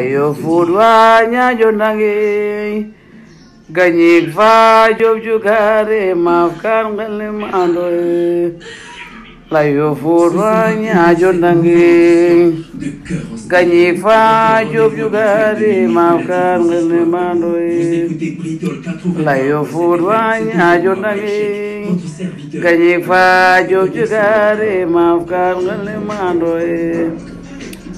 Ayo furwanya jonange Ganyik fa job jugare maafkan kalem andoe Layo furwanya jonange Ganyik fa job jugare maafkan kalem andoe Layo furwanya jonange Ganyik fa job jugare maafkan kalem andoe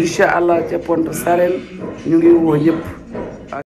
incha allah ca Pointe ñu ngi woo